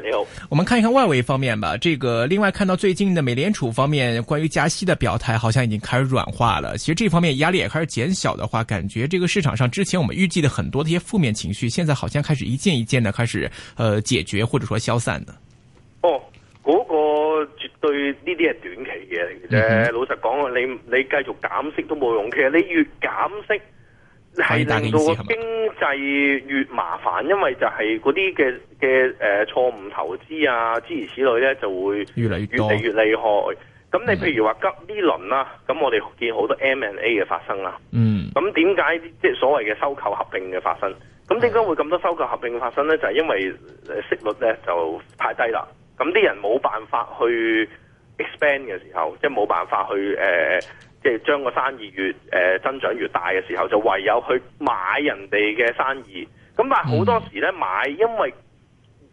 你好，我們看一看外圍方面吧。這個另外看到最近的美聯儲方面關於加息的表態，好像已經開始軟化了。其實這方面壓力也開始減小的話，感覺這個市場上之前我們預計的很多的一些負面情緒，現在好像開始一件一件的開始，呃，解決或者說消散的。哦，嗰、那個絕對呢啲係短期嘅嚟嘅啫。嗯、哼老實講，你你繼續減息都冇用。其實你越減息。係令到個經濟越麻煩，因為就係嗰啲嘅嘅誒錯誤投資啊，諸如此類咧，就會越嚟越嚟越厲害。咁你譬如話急呢輪啦，咁、嗯、我哋見好多 M&A 嘅發生啦。嗯，咁點解即係所謂嘅收購合併嘅發生？咁點解會咁多收購合併嘅發生咧？就係、是、因為息率咧就太低啦。咁啲人冇辦法去 expand 嘅時候，即係冇辦法去誒。呃即係將個生意越誒、呃、增長越大嘅時候，就唯有去買人哋嘅生意。咁但係好多時咧買，因為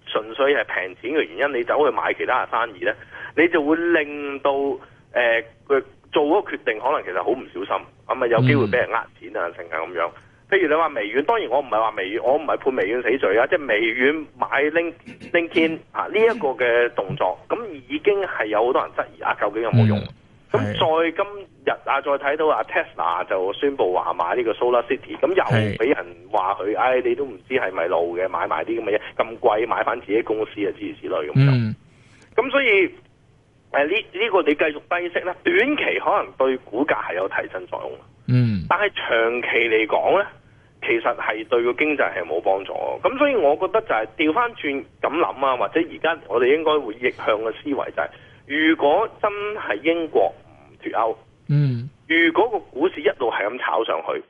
純粹係平錢嘅原因，你走去買其他嘅生意咧，你就會令到誒佢、呃、做嗰個決定，可能其實好唔小心，咁咪有機會俾人呃錢啊，成啊咁樣。譬如你話微軟，當然我唔係話微軟，我唔係判微軟死罪啊，即係微軟買 Link LinkedIn 啊呢一個嘅動作，咁已經係有好多人質疑啊，究竟有冇用？嗯咁再今日啊，是再睇到阿 Tesla 就宣布話買呢個 Solar City，咁又俾人話佢，唉是、哎，你都唔知係咪路嘅，買埋啲咁嘅嘢，咁貴買翻自己公司之類之類、嗯、啊，諸如此類咁樣。咁所以誒，呢呢個你繼續低息咧，短期可能對股價係有提振作用。嗯。但係長期嚟講咧，其實係對個經濟係冇幫助。咁所以我覺得就係調翻轉咁諗啊，或者而家我哋應該會逆向嘅思維就係、是。如果真係英國唔脱歐，嗯，如果個股市一路係咁炒上去，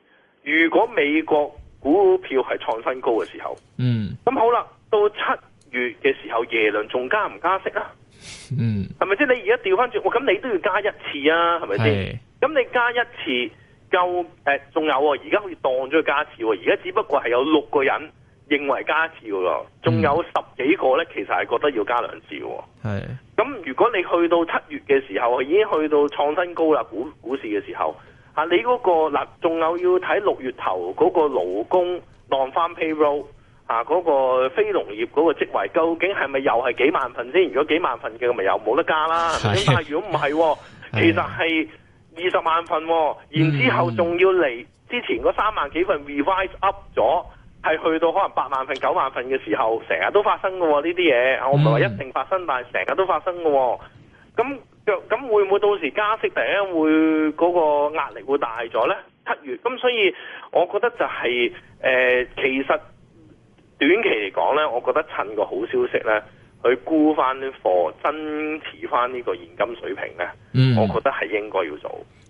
如果美國股票係創新高嘅時候，嗯，咁好啦，到七月嘅時候，耶倫仲加唔加息啊？嗯，係咪先？哦、你而家調返轉，我咁你都要加一次啊？係咪先？咁你加一次夠？仲、呃、有喎、哦，而家好似當咗個加次喎、哦，而家只不過係有六個人。認為加字噶仲，有十幾個呢，其實係覺得要加兩次。係咁是，如果你去到七月嘅時候，已經去到創新高啦，股股市嘅時候，啊、那個，你嗰個嗱，仲有要睇六月頭嗰個勞工 non-farm payroll 啊，嗰個非農業嗰個職位，究竟係咪又係幾萬份先？如果幾萬份嘅，咪又冇得加啦。但係如果唔係，其實係二十萬份，是然後之後仲要嚟之前嗰三萬幾份 revise up 咗。係去到可能八萬份、九萬份嘅時候，成日都發生嘅喎呢啲嘢，我唔係話一定發生，但係成日都發生嘅喎、哦。咁咁會唔會到時加息第一會嗰個壓力會大咗呢？七月，咁所以我覺得就係、是、誒、呃，其實短期嚟講呢，我覺得趁個好消息呢，去沽翻啲貨，增持翻呢個現金水平呢，我覺得係應該要做。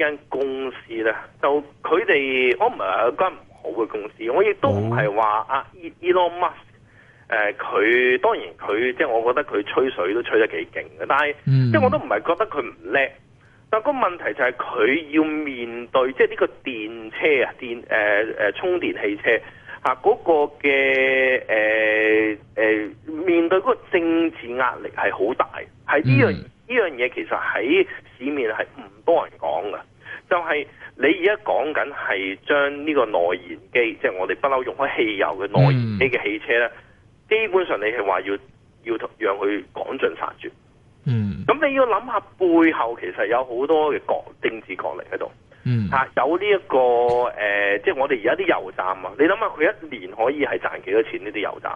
這間公司咧，就佢哋我唔係有間唔好嘅公司，我亦都唔係話阿 Elon Musk，誒、呃、佢當然佢即係我覺得佢吹水都吹得幾勁嘅，但係、嗯、即係我都唔係覺得佢唔叻，但係個問題就係佢要面對即係呢個電車啊、電誒誒、呃呃、充電汽車吓嗰個嘅誒誒面對嗰個政治壓力係好大，係呢樣呢、嗯、樣嘢其實喺市面係唔多人講㗎。就係你而家講緊係將呢個內燃機，即、就、係、是、我哋不嬲用開汽油嘅內燃機嘅汽車咧，嗯、基本上你係話要要讓佢趕盡殺絕。嗯，咁你要諗下背後其實有好多嘅國政治角力喺度。嗯，嚇有呢、這、一個誒，即、呃、係、就是、我哋而家啲油站啊，你諗下佢一年可以係賺幾多錢呢啲油站？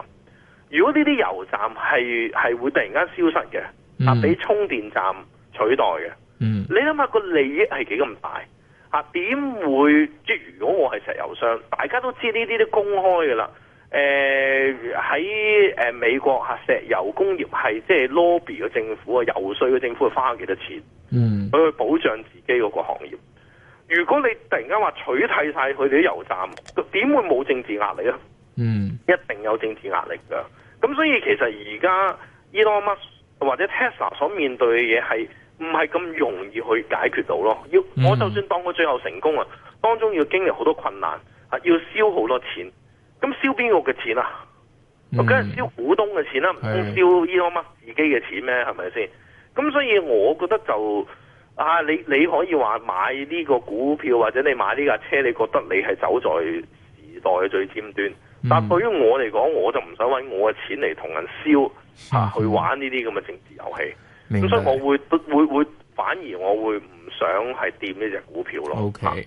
如果呢啲油站係係會突然間消失嘅，嚇俾、嗯啊、充電站取代嘅。嗯，你諗下個利益係幾咁大啊？點會即係如果我係石油商，大家都知呢啲都公開噶啦。誒、呃，喺誒美國吓石油工業係即係 lobby 嘅政府啊，游說嘅政府會花咗幾多錢？嗯，佢去保障自己嗰個行業。如果你突然間話取締曬佢哋啲油站，點會冇政治壓力啊？嗯，一定有政治壓力噶。咁所以其實而家 Elon Musk 或者 Tesla 所面對嘅嘢係唔係咁容易去解決到咯，要我就算當佢最後成功啊，當中要經歷好多困難，啊要燒好多錢，咁燒邊個嘅錢啊？梗係燒股東嘅錢啦，唔通燒呢個嘛自己嘅錢咩？係咪先？咁所以我覺得就啊，你你可以話買呢個股票或者你買呢架車，你覺得你係走在時代嘅最尖端，嗯、但對於我嚟講，我就唔想搵我嘅錢嚟同人燒啊，去玩呢啲咁嘅政治遊戲。咁所以，我會會會反而，我會唔想係掂呢隻股票咯。Okay.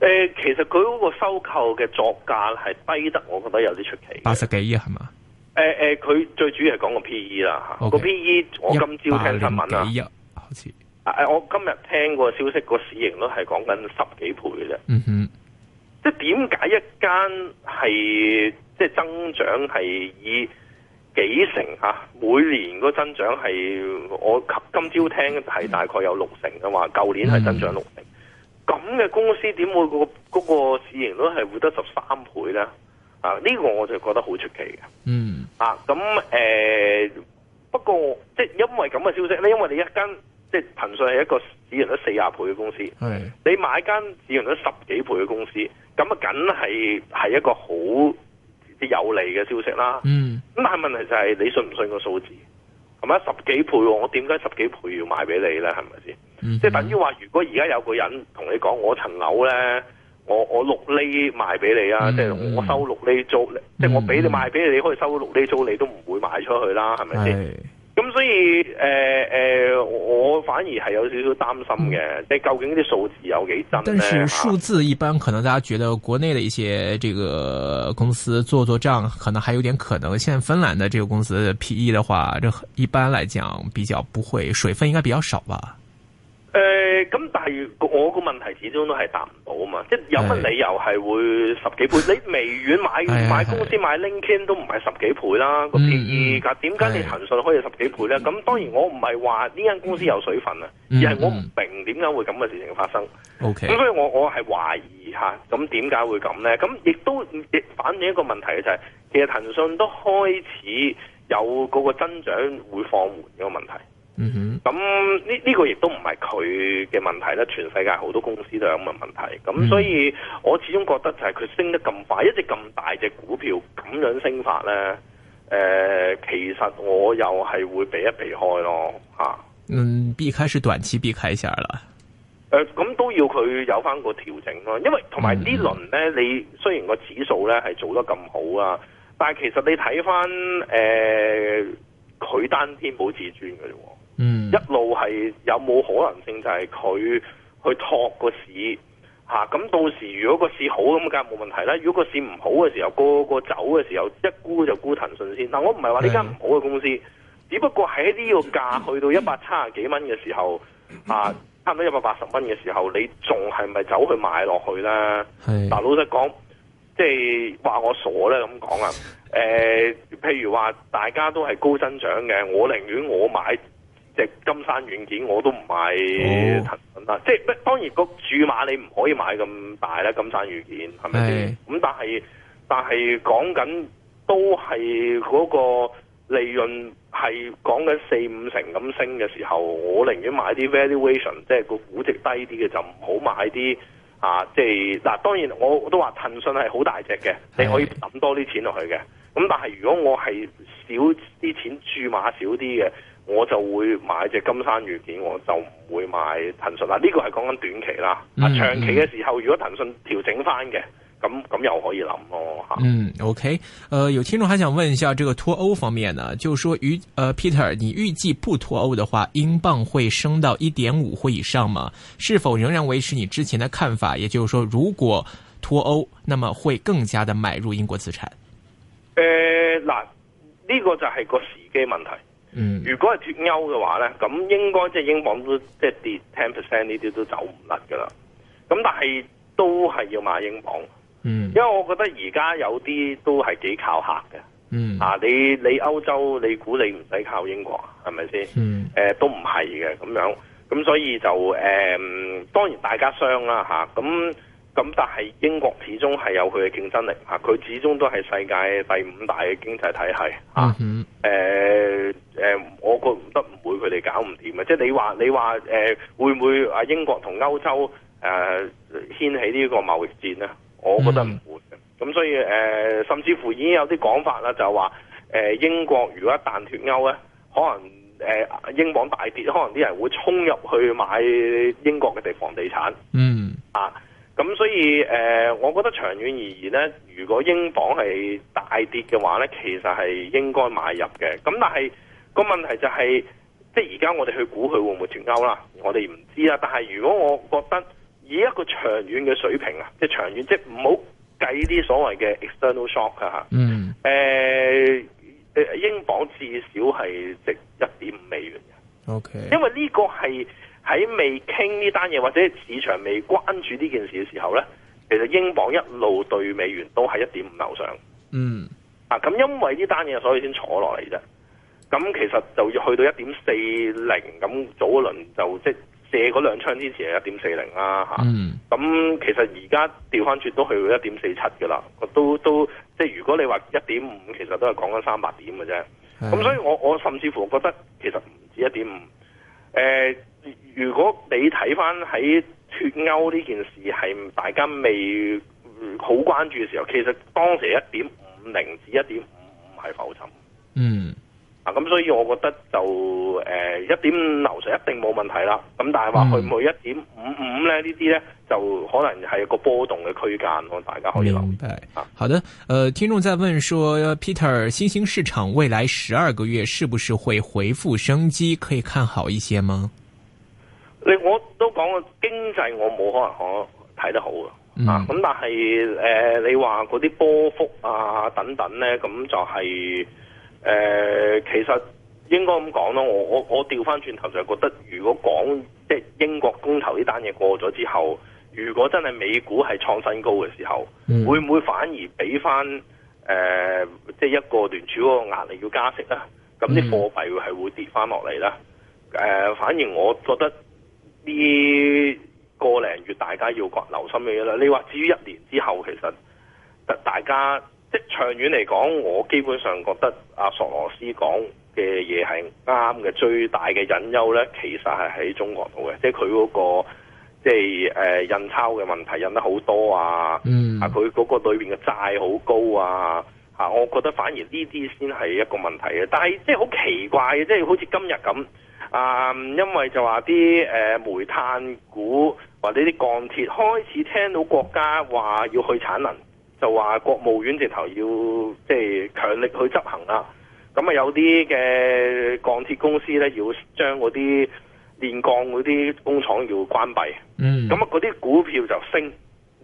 誒，其實佢嗰個收購嘅作價係低得，我覺得有啲出奇。八十幾億，係嘛、呃？誒、呃、誒，佢最主要係講個 P E 啦吓，個 P E 我今朝聽新聞啦，好似誒、嗯哼，我今日聽個消息，個市盈率係講緊十幾倍嘅啫。嗯哼，即係點解一間係即係增長係以幾成？每年個增長係我今朝聽係大概有六成嘅話，舊年係增長六成。嗯咁嘅公司點會個嗰、那個市盈率係會得十三倍呢？啊，呢、這個我就覺得好出奇嘅。嗯。啊，咁誒、呃，不過即係因為咁嘅消息，呢，因為你一間即係騰訊係一個市盈率四十倍嘅公司，是的 你買間市盈率十幾倍嘅公司，咁啊，梗係係一個好有利嘅消息啦。嗯。咁但係問題就係你信唔信個數字？咁啊十幾倍喎，我點解十幾倍要賣俾你咧？係咪先？Mm hmm. 即係等於話，如果而家有個人同你講，我層樓咧，我我六厘賣俾你啊！Mm hmm. 即係我收六厘租，mm hmm. 即係我俾你賣俾你，你可以收六厘租，你都唔會賣出去啦，係咪先？咁、嗯、所以誒誒、呃呃、我反而係有少少擔心嘅，即究竟啲數字有幾真，但係數字一般，可能大家覺得國內的一些這個公司做做賬可能還有點可能。現在芬蘭的這個公司 PE 的話，這一般來講比較不會水分，應該比較少吧。誒，咁、呃、但係我個問題始終都係答唔到啊嘛，即係有乜理由係會十幾倍？的你微軟買的買公司的買 LinkedIn 都唔係十幾倍啦，咁而家點解你騰訊可以十幾倍咧？咁、嗯、當然我唔係話呢間公司有水分啊，嗯、而係我唔明點解會咁嘅事情發生。O K，咁所以我我係懷疑吓，咁點解會咁咧？咁亦都亦反映一個問題就係、是，其實騰訊都開始有嗰個增長會放緩個問題。嗯哼，咁呢呢個亦都唔係佢嘅問題咧，全世界好多公司都有咁嘅問題，咁所以我始終覺得就係佢升得咁快，一隻咁大隻股票咁樣升法咧，誒、呃，其實我又係會避一避開咯，吓，嗯，避開是短期避開先啦，誒、呃，咁都要佢有翻個調整咯，因為同埋呢輪咧，你雖然個指數咧係做得咁好啊，但係其實你睇翻誒，佢、呃、單天保自尊嘅啫。嗯，一路係有冇可能性就係佢去托個市吓，咁、啊、到時如果個市好咁，梗係冇問題啦。如果個市唔好嘅時候，個個，個走嘅時候，一沽就沽騰訊先。但我唔係話呢間唔好嘅公司，是只不過喺呢個價去到一百七十幾蚊嘅時候，啊，差唔多一百八十蚊嘅時候，你仲係咪走去買落去咧？係嗱是，老實講，即係話我傻咧咁講啊。誒、呃，譬如話大家都係高增長嘅，我寧願我買。即金山軟件我都唔買騰訊啊！即係、哦、當然個注碼你唔可以買咁大啦。金山軟件係咪先？咁是但係但係講緊都係嗰個利潤係講緊四五成咁升嘅時候，我寧願買啲 valuation，即係個估值低啲嘅就唔好買啲啊！即係嗱，當然我都話騰訊係好大隻嘅，你可以揼多啲錢落去嘅。咁是但係如果我係少啲錢注碼少啲嘅。我就會買隻金山軟件，我就唔會買騰訊啦。呢、這個係講緊短期啦，啊、嗯、長期嘅時候，如果騰訊調整翻嘅，咁咁又可以諗咯嚇，嗯，OK，呃，有聽眾還想問一下，這個脫歐方面呢？就說說，呃 Peter，你預計不脫歐的話，英鎊會升到一點五或以上嗎？是否仍然維持你之前的看法？也就是說，如果脫歐，那麼會更加的買入英國資產。誒、呃，嗱，呢、這個就係個時機問題。嗯，如果係脫歐嘅話咧，咁應該即係英鎊都即係跌 ten percent 呢啲都走唔甩噶啦。咁但係都係要買英鎊，嗯，因為我覺得而家有啲都係幾靠客嘅，嗯啊，你你歐洲你估你唔使靠英國係咪先？是嗯，誒、呃、都唔係嘅咁樣，咁所以就誒、呃，當然大家商啦、啊、吓，咁、啊。咁但係英國始終係有佢嘅競爭力吓，佢、啊、始終都係世界第五大嘅經濟體系啊。誒誒、嗯哼呃呃，我覺得唔會佢哋搞唔掂嘅。即、就、係、是、你話你話誒，會唔會阿英國同歐洲誒、呃、掀起呢個貿易戰咧？我覺得唔會嘅咁、嗯嗯、所以誒、呃，甚至乎已經有啲講法啦，就係話誒，英國如果一旦脱歐咧，可能誒、呃、英鎊大跌，可能啲人會衝入去買英國嘅地房地產。嗯啊。咁所以，誒、呃，我覺得長遠而言咧，如果英鎊係大跌嘅話咧，其實係應該買入嘅。咁但係、個問題就係、是，即係而家我哋去估佢會唔會脫歐啦，我哋唔知啦。但係如果我覺得以一個長遠嘅水平啊，即係長遠，即係唔好計啲所謂嘅 external shock 啊，嚇，嗯，誒，英鎊至少係值一點五美元嘅。O Okay. 因為呢個係。喺未傾呢單嘢，或者市場未關注呢件事嘅時候呢，其實英鎊一路對美元都係一點五樓上。嗯，啊，咁因為呢單嘢，所以先坐落嚟啫。咁其實就要去到 40, 一點四零，咁早嗰輪就即射嗰兩槍之前係一點四零啦。嚇，咁其實而家調翻轉都去到一點四七噶啦。都都即如果你話一點五，其實都係講緊三百點嘅啫。咁是的 所以我我甚至乎覺得其實唔止一點五。誒、呃，如果你睇返喺脫歐呢件事係大家未好關注嘅時候，其實當時一點五零至一點五五係浮沉。嗯。啊，咁、嗯、所以我覺得就誒、呃、一點牛市一定冇問題啦。咁但係話去唔去、嗯、一點五五咧呢啲咧就可能係一個波動嘅區間，大家可以諗。明白、啊、好的。誒、呃，聽眾在問說，Peter，新興市場未來十二個月是不是會回復生機？可以看好一些嗎？你我都講、嗯、啊，經濟我冇可能可睇得好啊。啊，咁但係誒，你話嗰啲波幅啊等等咧，咁、嗯、就係、是。誒、呃，其實應該咁講咯，我我我調翻轉頭就係覺得，如果講即係英國公投呢單嘢過咗之後，如果真係美股係創新高嘅時候，會唔會反而俾翻誒，即係一個聯儲嗰個壓力要加息咧？咁啲貨幣係會，會跌翻落嚟咧？誒、呃，反而我覺得呢個零月大家要留心嘅嘢啦。你話至於一年之後，其實大家。即係長遠嚟講，我基本上覺得阿索羅斯講嘅嘢係啱嘅。最大嘅隱憂呢，其實係喺中國度嘅，即係佢嗰個即係、呃、印鈔嘅問題，印得好多啊，嗯、啊佢嗰個裏面嘅債好高啊，啊我覺得反而呢啲先係一個問題嘅。但係即係好奇怪嘅，即係好似今日咁啊、嗯，因為就話啲誒煤炭股或者啲鋼鐵開始聽到國家話要去產能。就話國務院直頭要即係強力去執行啦、啊，咁啊有啲嘅鋼鐵公司咧要將嗰啲煉鋼嗰啲工廠要關閉，嗯，咁啊嗰啲股票就升。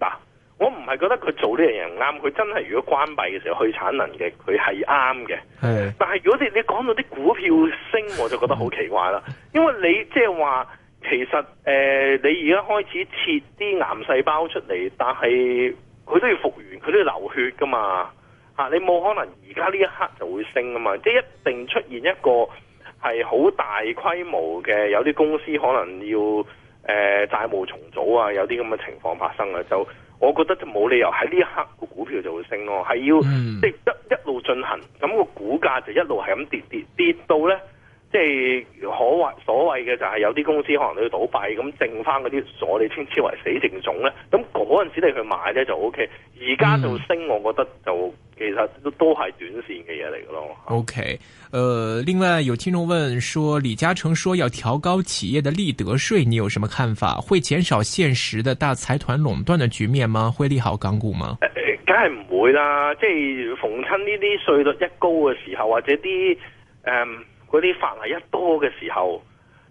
嗱，我唔係覺得佢做呢樣嘢唔啱，佢真係如果關閉嘅時候去產能嘅，佢係啱嘅。係，但係如果你你講到啲股票升，我就覺得好奇怪啦，嗯、因為你即係話其實誒、呃，你而家開始切啲癌細胞出嚟，但係。佢都要復原，佢都要流血噶嘛、吓、你冇可能而家呢一刻就會升噶嘛，即係一定出現一個係好大規模嘅，有啲公司可能要誒、呃、債務重組啊，有啲咁嘅情況發生啊。就我覺得就冇理由喺呢一刻個股票就會升咯、啊，係要、嗯、即係一一路進行，咁、嗰個股價就一路係咁跌跌跌到呢。即係可謂所謂嘅就係有啲公司可能要倒閉咁剩翻嗰啲我哋稱之為死剩種咧，咁嗰陣時你去買咧就 O K，而家就升，我覺得就其實都都係短線嘅嘢嚟嘅咯。O K，誒，另外有聽眾問說，李嘉誠說要調高企業的利得稅，你有什麼看法？會減少現實的大財團壟斷的局面嗎？會利好港股嗎？梗係唔會啦，即係逢親呢啲稅率一高嘅時候或者啲誒。嗯嗰啲法例一多嘅時候，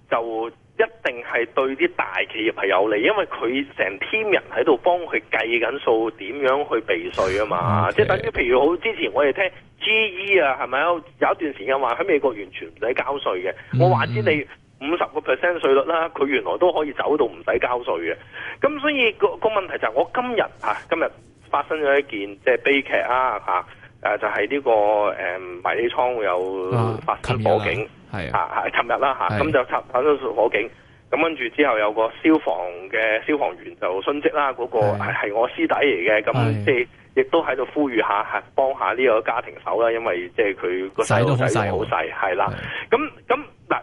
就一定係對啲大企業係有利，因為佢成 team 人喺度幫佢計緊數，點樣去避稅啊嘛！Okay. 即係等於譬如好之前我，我哋聽 GE 啊，係咪有一段時間話喺美國完全唔使交稅嘅，mm hmm. 我話知你五十個 percent 稅率啦，佢原來都可以走到唔使交稅嘅。咁所以個、嗰個問題就係我今日啊，今日發生咗一件即係、就係、悲劇啊！啊～誒、啊、就係、是、呢、這個誒、嗯、迷你倉會有發生火警，係啊，係尋日啦，咁就發生火警，咁跟住之後有個消防嘅消防員就殉職啦，嗰、那個係的我師弟嚟嘅，咁即係亦都喺度呼籲下，幫下呢個家庭手啦，因為即係佢個仔都好細，係啦，咁咁，嗱，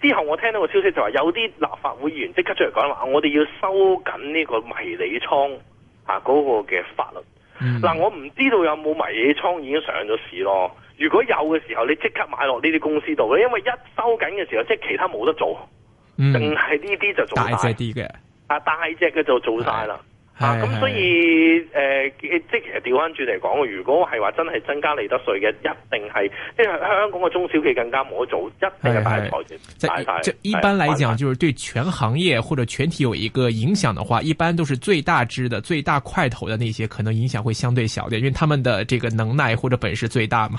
之後我聽到個消息就話有啲立法會議員即刻出嚟講話，我哋要收緊呢個迷你倉嗰個嘅法律。嗱，嗯、我唔知道有冇迷你倉已經上咗市咯。如果有嘅時候，你即刻買落呢啲公司度咧，因為一收緊嘅時候，即係其他冇得做，定係呢啲就做大隻啲嘅。啊，大隻嘅就做晒啦。吓，咁、啊、所以誒。的即係調翻轉嚟講，如果係話真係增加利得稅嘅，一定係即係香港嘅中小企更加冇得做，一定係大，即係，是是大。一般嚟講，就是對全行業或者全體有一個影響嘅話，一般都是最大支的最大塊頭嘅那些，可能影響會相對小啲，因為他們的這個能耐或者本事最大嘛。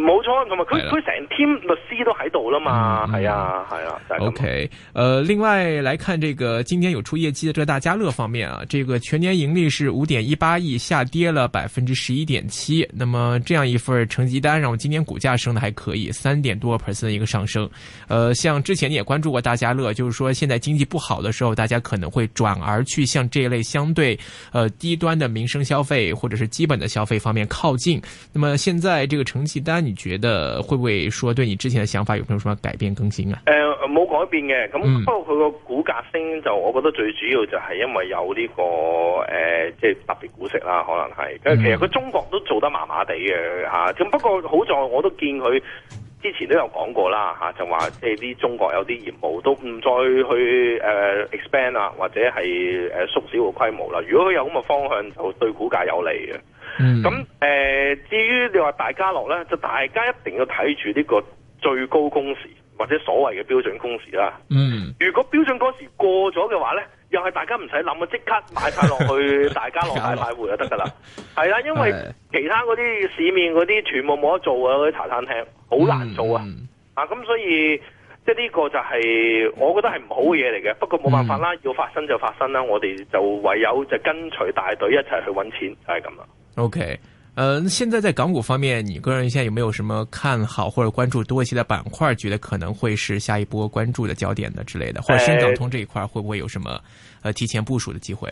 冇錯，咁啊，佢佢成天律師都喺度啦嘛，係啊，係啊。OK，呃，另外來看這個今天有出業績的，這個大家樂方面啊，這個全年盈利是五點一八億，下跌了百分之十一點七。那麼這樣一份成績單，然後今年股價升得還可以，三點多 percent 的一個上升。呃，像之前你也關注過大家樂，就是說現在經濟不好的時候，大家可能會轉而去向這一類相對，呃，低端的民生消費或者是基本的消費方面靠近。那麼現在這個成績單。你覺得會唔會說對你之前嘅想法有冇什麼改變更新啊？誒、呃，冇改變嘅，咁不過佢個股價升就我覺得最主要就係因為有呢、這個誒、呃，即係特別股息啦，可能係，其實佢中國都做得麻麻地嘅吓，咁、嗯、不過好在我都見佢之前都有講過啦吓，就話即係啲中國有啲業務都唔再去誒 expand 啦，或者係誒縮小個規模啦。如果佢有咁嘅方向，就會對股價有利嘅。咁誒、嗯呃，至於你話大家落咧，就大家一定要睇住呢個最高工時或者所謂嘅標準工時啦。嗯，如果標準工時過咗嘅話咧，又係大家唔使諗啊，即刻買翻落去，大家樂買買回就得噶啦。係啦 家樂，因為其他嗰啲市面嗰啲全部冇得做啊，嗰啲茶餐廳好難做啊。嗯、啊，咁所以即係呢個就係、是、我覺得係唔好嘅嘢嚟嘅。不過冇辦法啦，嗯、要發生就發生啦。我哋就唯有就跟隨大隊一齊去揾錢，就係咁啦。OK，呃現在在港股方面，你個人現在有沒有什麼看好或者關注多一些的板塊，覺得可能會是下一波關注的焦點呢之類的，或者深港通這一塊會不會有什麼，呃，提前部署的機會？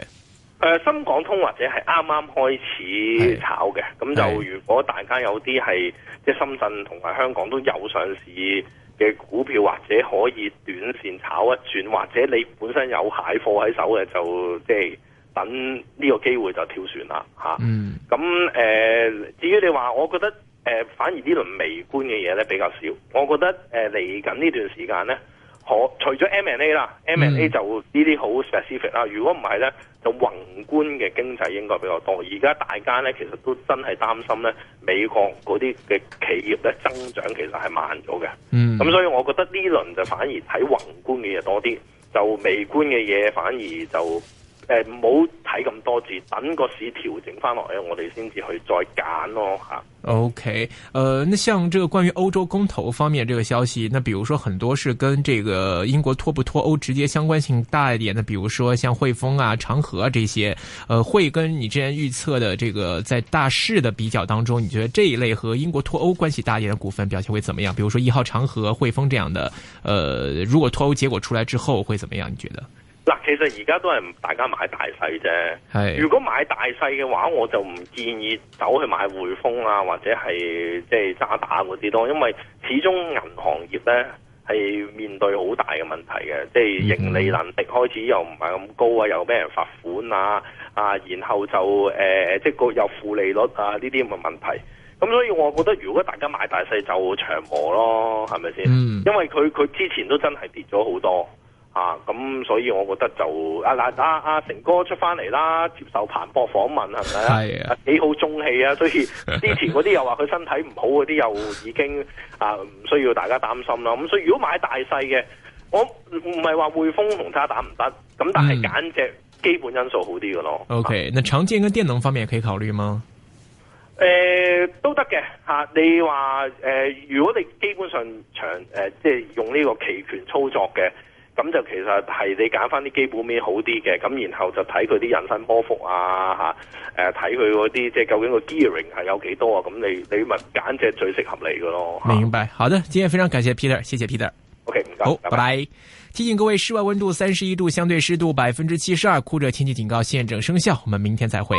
呃深港通或者係啱啱開始炒嘅，咁是就如果大家有啲係即深圳同埋香港都有上市嘅股票，或者可以短線炒一轉，或者你本身有蟹貨喺手嘅，就即係。等呢個機會就跳船啦，吓、啊。咁誒、嗯呃，至於你話，我覺得誒、呃，反而呢輪微觀嘅嘢咧比較少。我覺得誒，嚟緊呢段時間咧，可除咗 M&A 啦、嗯、，M&A 就呢啲好 specific 啦。如果唔係咧，就宏觀嘅經濟應該比較多。而家大家咧，其實都真係擔心咧，美國嗰啲嘅企業咧增長其實係慢咗嘅。嗯。咁所以我覺得呢輪就反而喺宏觀嘅嘢多啲，就微觀嘅嘢反而就。誒，唔好睇咁多字，等個市調整翻落嚟，我哋先至去再揀咯吓。OK，呃那像這個關於歐洲公投方面這個消息，那比如說很多是跟這個英國脫不脫歐直接相關性大一點的，比如說像匯豐啊、長和啊這些，呃，會跟你之前預測的這個在大市的比較當中，你覺得這一類和英國脫歐關係大一點的股份表現會怎麼樣？比如說一號長和、匯豐這樣的，呃，如果脫歐結果出來之後會怎麼樣？你覺得？嗱，其實而家都係大家買大細啫。係，如果買大細嘅話，我就唔建議走去買匯豐啊，或者係即係渣打嗰啲囉，因為始終銀行業咧係面對好大嘅問題嘅，即係盈利能力開始又唔係咁高啊，又俾人罰款啊，啊，然後就誒、呃，即係個又負利率啊，呢啲咁嘅問題。咁所以，我覺得如果大家買大細就長和咯，係咪先？嗯、因為佢佢之前都真係跌咗好多。啊，咁所以我覺得就阿嗱阿成哥出翻嚟啦，接受彭博訪問係咪啊？係幾、啊、好中氣啊！所以之前嗰啲又話佢身體唔好嗰啲又已經啊唔需要大家擔心啦。咁所以如果買大細嘅，我唔係話匯豐同渣打唔得，咁但係揀隻基本因素好啲嘅咯。嗯、o、okay, K，那長建跟電能方面可以考慮嗎？誒、啊，都得嘅吓。你話誒、呃，如果你基本上長誒、即、呃、係用呢個期權操作嘅。咁就其實係你揀翻啲基本面好啲嘅，咁然後就睇佢啲引伸波幅啊吓，誒睇佢嗰啲即係究竟個 gearing 係有幾多啊，咁你你咪揀隻最適合你嘅咯。明白，好的，今天非常感謝 Peter，謝謝 Peter。OK，唔該，好，拜拜 bye。提醒各位，室外溫度三十一度，相對濕度百分之七十二，酷熱天氣警告現正生效。我們明天再會。